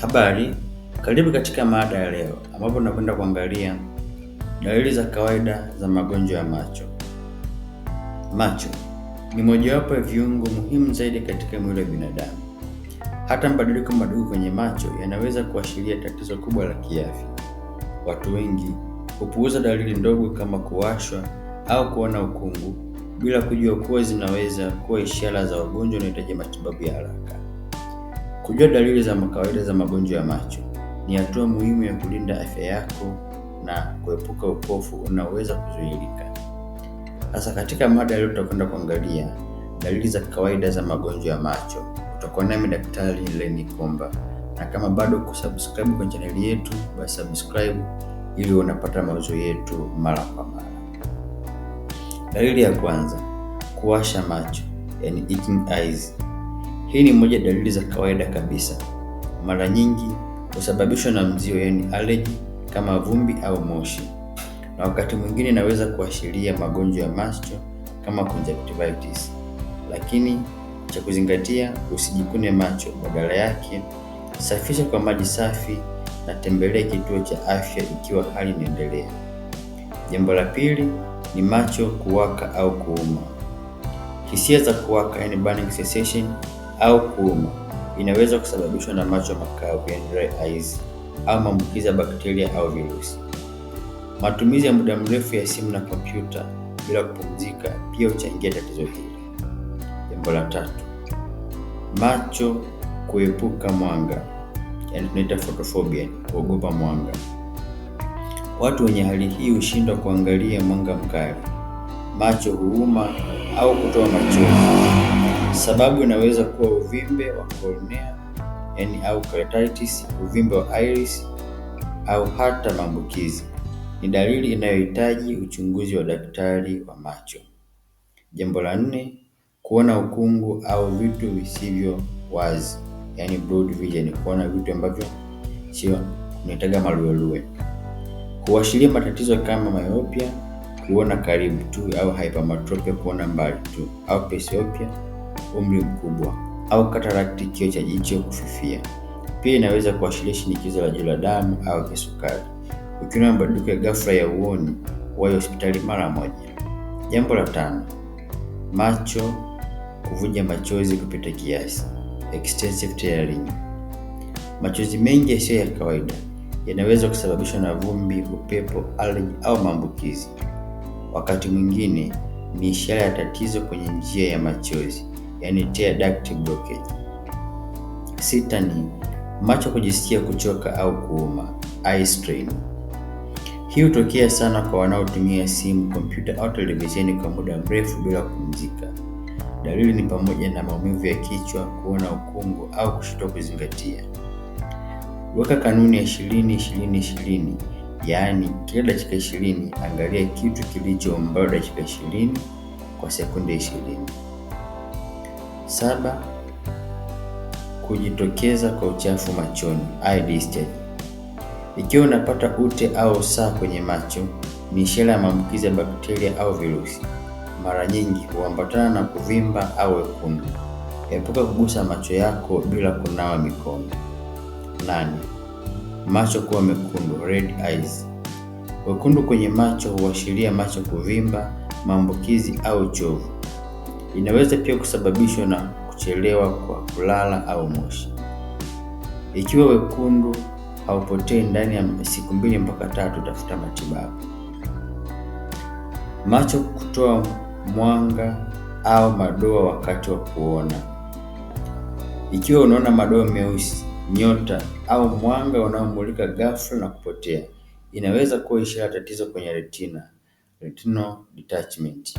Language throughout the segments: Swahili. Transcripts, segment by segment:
Habari, karibu katika mada ya leo ambapo tunakwenda kuangalia dalili za kawaida za magonjwa ya macho. Macho ni mojawapo ya viungo muhimu zaidi katika mwili wa binadamu. Hata mabadiliko madogo kwenye macho yanaweza kuashiria tatizo kubwa la kiafya. Watu wengi hupuuza dalili ndogo kama kuwashwa au kuona ukungu bila kujua kuwa zinaweza kuwa ishara za ugonjwa unaohitaji matibabu ya haraka. Kujua dalili za kawaida za magonjwa ya macho ni hatua muhimu ya kulinda afya yako na kuepuka upofu unaoweza kuzuilika. Sasa katika mada leo tutakwenda kuangalia dalili za kawaida za magonjwa ya macho. Utakuwa nami Daktari Lenny Komba, na kama bado kusubscribe kwenye chaneli yetu, basi subscribe ili unapata mauzo yetu mara kwa mara. Dalili ya kwanza, kuwasha macho, yani itching eyes hii ni moja dalili za kawaida kabisa, mara nyingi husababishwa na mzio, yani allergy, kama vumbi au moshi, na wakati mwingine inaweza kuashiria magonjwa ya macho kama conjunctivitis. Lakini cha kuzingatia, usijikune macho, badala yake safisha kwa maji safi na tembelea kituo cha afya ikiwa hali inaendelea. Jambo la pili ni macho kuwaka au kuuma. Hisia za kuwaka, yani burning sensation au kuuma. Inaweza kusababishwa na macho makavu yaani dry eyes, au maambukizi ya bakteria au virusi. Matumizi ya muda mrefu ya simu na kompyuta bila kupumzika pia huchangia tatizo hili. Jambo la tatu, macho kuepuka mwanga, yaani tunaita photophobia, kuogopa mwanga. Watu wenye hali hii hushindwa kuangalia mwanga mkali, macho huuma au kutoa machozi. Sababu inaweza kuwa uvimbe wa cornea yani au keratitis, uvimbe wa iris au hata maambukizi. Ni dalili inayohitaji uchunguzi wa daktari wa macho. Jambo la nne, kuona ukungu au vitu visivyo wazi, yani blurred vision, kuona vitu ambavyo sio unataga maluelue, huashiria matatizo kama myopia kuona karibu tu au hypermetropia kuona mbali tu au presbyopia umri mkubwa au katarakti, kio cha jicho kufifia. Pia inaweza kuashiria shinikizo la juu la damu au kisukari. Ukiona mabadiliko ya ghafla ya uoni, wahi hospitali mara moja. Jambo la tano, macho kuvuja machozi kupita kiasi, extensive tearing. Machozi mengi yasiyo ya kawaida yanaweza kusababishwa na vumbi, upepo, allergy au maambukizi. Wakati mwingine ni ishara ya tatizo kwenye njia ya machozi yani tear duct blockage. Sita ni macho kujisikia kuchoka au kuuma eye strain. Hii hutokea sana kwa wanaotumia simu, kompyuta au televisheni kwa muda mrefu bila kupumzika. Dalili ni pamoja na maumivu ya kichwa, kuona ukungu au kushindwa kuzingatia. Weka kanuni ya ishirini ishirini ishirini, yaani kila dakika ishirini angalia kitu kilicho umbali dakika ishirini kwa sekunde ishirini. Saba, kujitokeza kwa uchafu machoni eye discharge. Ikiwa unapata ute au saa kwenye macho, ni ishara ya maambukizi ya bakteria au virusi. Mara nyingi huambatana na kuvimba au wekundu. Epuka kugusa macho yako bila kunawa mikono. Nane, macho kuwa mekundu red eyes. Wekundu kwenye macho huashiria macho kuvimba, maambukizi au chovu. Inaweza pia kusababishwa na kuchelewa kwa kulala au moshi. Ikiwa wekundu haupotei ndani ya siku mbili mpaka tatu, tafuta matibabu. Macho kutoa mwanga au madoa wakati wa kuona. Ikiwa unaona madoa meusi, nyota au mwanga unaomulika ghafla na kupotea, inaweza kuwa ishara tatizo kwenye retina, retinal detachment.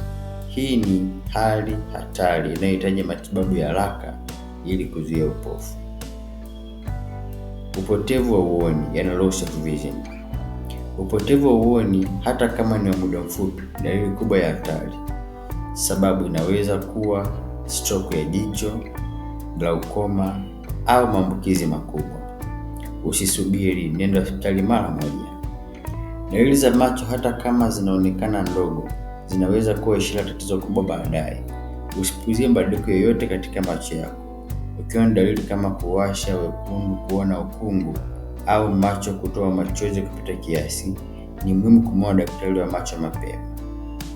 Hii ni hali hatari inayohitaji matibabu ya haraka ili kuzuia upofu. Upotevu wa uoni, yani loss of vision. Upotevu wa uoni hata kama ni wa muda mfupi, dalili kubwa ya hatari. Sababu inaweza kuwa stroke ya jicho, glaukoma au maambukizi makubwa. Usisubiri, nenda hospitali mara moja. Dalili za macho hata kama zinaonekana ndogo zinaweza kuwa ishara tatizo kubwa baadaye. Usipuuzie mabadiliko yoyote katika macho yako. ukiwa na dalili kama kuwasha wekundu, kuona ukungu au macho kutoa machozi kupita kiasi, ni muhimu kumwona daktari wa macho mapema.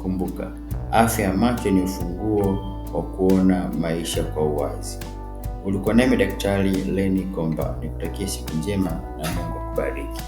Kumbuka, afya ya macho ni ufunguo wa kuona maisha kwa uwazi. Ulikuwa nami Daktari Lenny Komba, nikutakia siku njema na Mungu akubariki.